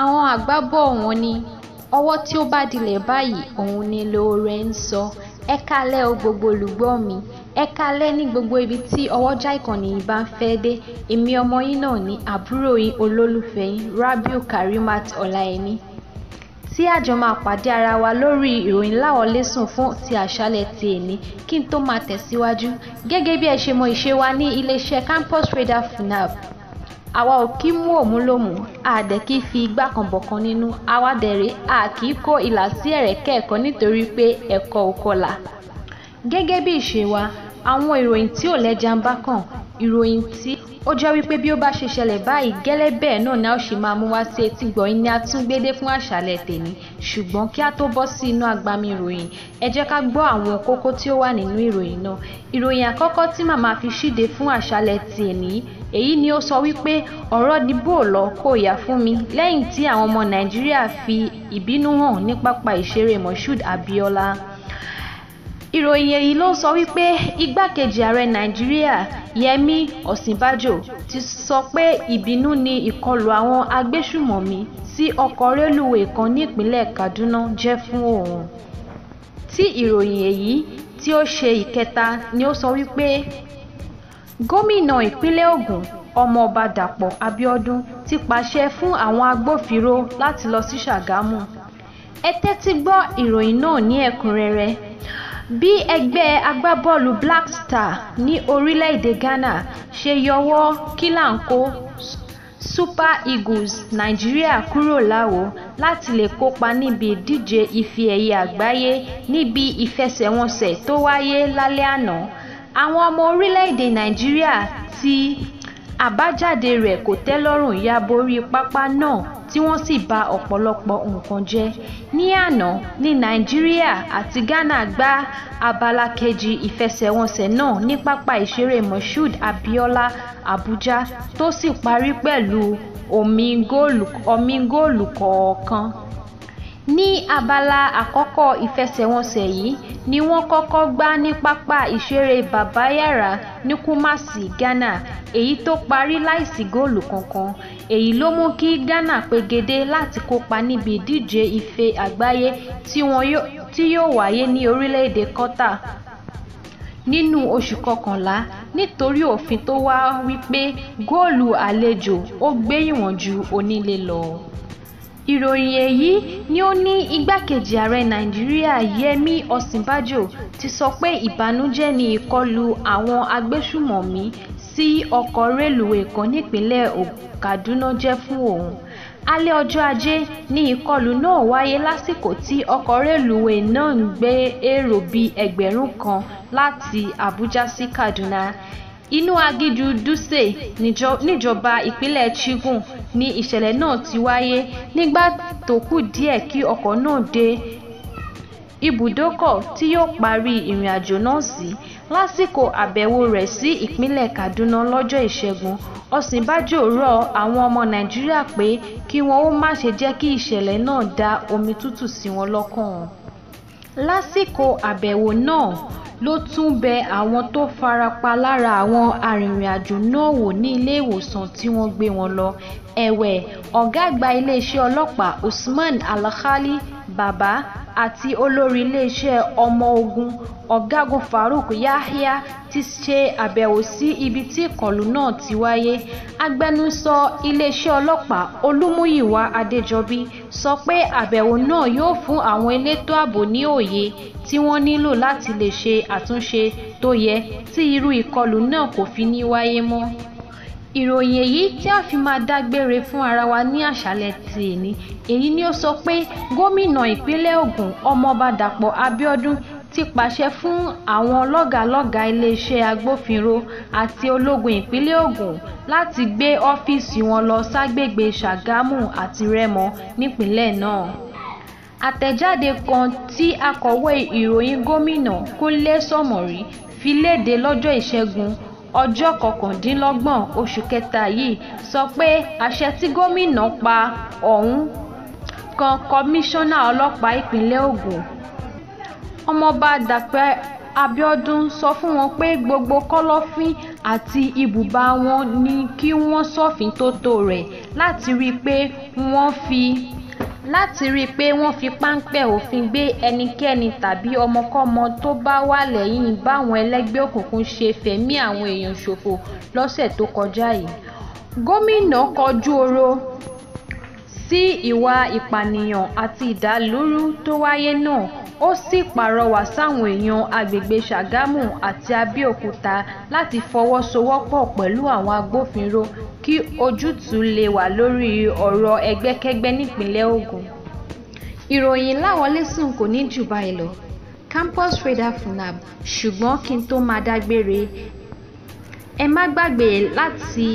àwọn àgbà bọ̀ wọ́n ní ọwọ́ tí ó bá dilẹ̀ báyìí òun ni lóore ń sọ ẹ kálẹ́ o gbogbo olùgbọ́ mi ẹ kálẹ́ ní gbogbo ibi tí ọwọ́jà ìkànnì yìí bá ń fẹ́ dé èmi ọmọ yín náà ní àbúrò yín olólùfẹ́ yín Rabiu Karimat Ọláyẹmí tí àjọ máa pàdé ara wa lórí ìròyìn láwọlẹ́sùn fún ti àṣálẹ́ ti èní kí n tó máa tẹ̀síwájú gẹ́gẹ́ bí ẹ ṣe mọ ìṣe wa ní iléeṣẹ́ campus radar funab àwa ò kí mú òmúlòmù a dẹ̀ kí fi igbá kan bọ̀kan nínú àwa dẹ̀rẹ̀ a kì í kó ìlà sí ẹ̀rẹ̀kẹ́ ẹ̀kọ́ nítorí pé ẹ̀kọ́ ò kọlà. gẹ́gẹ́ bí ìṣe wa àwọn ìròyìn tí ò lẹ́jà ń bá kàn ìròyìn tí ó jẹ́ wípé bí ó bá ṣe ṣẹlẹ̀ báyìí gẹ́lẹ́ bẹ́ẹ̀ náà ni a ó ṣe máa mú wá sí etí gbọ̀nyìn ni a tún gbédé fún àṣálẹ́ tèmi ṣùgbọ́n kí a tó bọ́ sí inú agbami ìròyìn ẹ jẹ́ ká gbọ́ àwọn kókó tí ó wà nínú ìròyìn náà ìròyìn àkọ́kọ́ tí màmá fi ṣíde fún àṣálẹ́ tèmi èyí ni ó sọ wípé ọ̀rọ̀ dìbò lọ kó yà fún mi lẹ́yìn tí àwọn ọmọ nàìjíríà fi ìbínú hàn ní pápá ìṣeré moshood abiola ìròyìn èyí ló sọ wípé igbákejì ààrẹ nàìjíríà yẹmí ọ̀sínbàjò ti sọ pé ìbínú ni ìkọlù àwọn agbésùmọ̀mí sí ọkọ̀ rélùwé kan nípínlẹ̀ kaduna jẹ́ fún òun tí ìròyìn èyí tí ó ṣe ìkẹta ni ó sọ wípé gómìnà ìpínlẹ̀ Ògùn ọmọọba Dàpọ̀ Abíọ́dún ti pàṣẹ fún àwọn agbófinró láti lọ sí Ṣàgámù ẹ tẹ́tí gbọ́ ìròyìn náà ní ẹ̀kúnrẹ́rẹ́ bí ẹgbẹ́ agbábọ́ọ̀lù Black Star ní orílẹ̀-èdè Ghana ṣe yọwọ́ kílàńkó Super Eagles Nigeria kúrò láwo láti lè kópa níbi ìdíje ife ẹ̀yẹ àgbáyé níbi ìfẹsẹ̀wọnsẹ̀ tó wáyé lálẹ́ àná àwọn ọmọ orílẹ̀-èdè nàìjíríà ti àbájáde rẹ̀ kò tẹ́lọ́rùn ya borí pápá náà tí wọ́n sì ba ọ̀pọ̀lọpọ̀ nǹkan jẹ́ ní àná ní nàìjíríà àti ghana gba abala kejì ìfẹsẹ̀wọnsẹ̀ náà ní pápá ìṣeré moshood abiola abuja tó sì parí pẹ̀lú omi góòlù kọ̀ọ̀kan Ní abala àkọ́kọ́ ìfẹsẹ̀wọnsẹ̀ yìí ni wọ́n kọ́kọ́ gbá ní pápá ìṣeré Baba Yara ní Kumasi, Ghana, èyí tó parí láìsí góòlù kankan, èyí ló mú kí Ghana pegedé láti kópa níbi ìdíje Ife Àgbáyé tí yóò wáyé ní orílẹ̀-èdè Qatar nínú oṣù kọkànlá nítorí òfin tó wà wípé góòlù àlejò ó gbéyìnwọ̀n ju onílé lọ ìròyìn èyí ni ó ní igbákejì ààrẹ nàìjíríà yẹmi ọ̀sínbàjò ti sọ pé ìbànújẹ́ ni ìkọlù àwọn agbésùmọ̀mí sí ọkọ̀ rélùwé kan nípínlẹ̀ kaduna jẹ́ fún òun alẹ́ ọjọ́ ajé ni ìkọlù náà wáyé lásìkò tí ọkọ̀ rélùwé náà ń gbé èrò bíi ẹgbẹ̀rún kan láti àbújá sí kaduna inú agídú dutse níjọba ìpínlẹ̀ chigun ni ìṣẹ̀lẹ̀ náà ti wáyé nígbà tó kù díẹ̀ kí ọkọ̀ náà dé ibùdókọ̀ tí yóò parí ìrìnàjò náà sí lásìkò àbẹ̀wò rẹ̀ sí ìpínlẹ̀ kaduna lọ́jọ́ ìṣẹ́gun ọ̀sínbàjò rọ àwọn ọmọ nàìjíríà pé kí wọn ó má ṣe jẹ́ kí ìṣẹ̀lẹ̀ náà dá omi tútù sí wọn lọ́kàn lásìkò àbẹ̀wò náà ló tún bẹ àwọn tó fara pa lára àwọn arìnrìnàjò náà wò ní ilé ìwòsàn tí wọ́n gbé wọn lọ ẹ̀wẹ̀ ọ̀gá àgbà iléeṣẹ́ ọlọ́pàá usman alkhali baba àti olórí iléeṣẹ́ ọmọ ogun ọ̀gágun farouk yahya ti ṣe àbẹ̀wò sí ibi tí ìkọlù náà ti wáyé agbẹnusọ iléeṣẹ́ ọlọ́pàá olúmúyìwá adéjọbí sọ pé àbẹ̀wò náà yóò fún àwọn elétò ààbò ní òye tí wọ́n nílò láti lè ṣe àtúnṣe tó yẹ tí irú ìkọlù náà kò fi ní wáyé mọ́ ìròyìn èyí tí a fi máa dágbére fún ara wa ní àṣálẹ́ ti èyí ni ó sọ pé gómìnà ìpínlẹ̀ Ògùn ọmọọba Dàpọ̀ Abíọ́dún ti pàṣẹ fún àwọn lọ́gàálọ́gàá iléeṣẹ́ agbófinró àti ológun ìpínlẹ̀ Ògùn láti gbé ọ́fíìsì wọn lọ ságbègbè Ṣàgámù àti Rẹ́mọ nípínlẹ̀ náà àtẹ̀jáde kan tí akọ̀wé ìròyìn gómìnà Kúnlé Sọmọrí fi léde lọ́jọ́ Ìṣẹ́gun ọjọ́ kọkàndínlọ́gbọ̀n oṣù kẹta yìí sọ pé àṣẹ tí gómìnà pa ọ̀hún kan kọmíṣánná ọlọ́pàá ìpínlẹ̀ Ògùn ọmọọba Dàpẹ́ Abíọ́dún sọ fún wọn pé gbogbo kọ̀lọ̀fín àti ibùba wọn ni kí wọ́n ṣòfin tótó rẹ̀ láti rí i pé wọ́n fi láti rí i pé wọ́n fi páńpẹ́ òfin gbé ẹnikẹ́ni tàbí ọmọkọ́mọ tó bá wà lẹ́yìn báwọn ẹlẹ́gbẹ́ òkùnkùn ṣe fẹ̀mí àwọn èèyàn ṣòfò lọ́sẹ̀ tó kọjá yìí gómìnà kọjú oró sí ìwà ìpànìyàn àti ìdàlúrú tó wáyé náà ó sì pàrọwà sáwọn èèyàn agbègbè Ṣàgámù àti Abẹ́òkúta láti fọwọ́sowọ́pọ̀ pẹ̀lú àwọn agbófinró kí ojútùú lè wà lórí ọ̀rọ̀ ẹgbẹ́kẹ́gbẹ́ nípínlẹ̀ Ògùn ìròyìn láwọn lẹ́sùn kò ní jù báyìí lọ Campus Radar Funab ṣùgbọ́n kí n tó máa dágbére ẹ má gbàgbé láti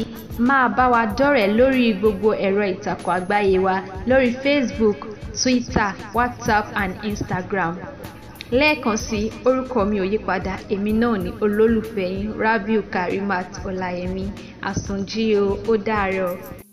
máa bá wa dọ́rẹ̀ẹ́ lórí gbogbo ẹ̀rọ ìtàkùn àgbáyé wa lórí Facebook Twitter WhatsApp and Instagram lẹ́ẹ̀kan sí orúkọ mi ò yípadà èmi náà ni olólùfẹ́ yín Rabiu Karimat Ọláyẹmí àsùnjíò ó dàárọ̀.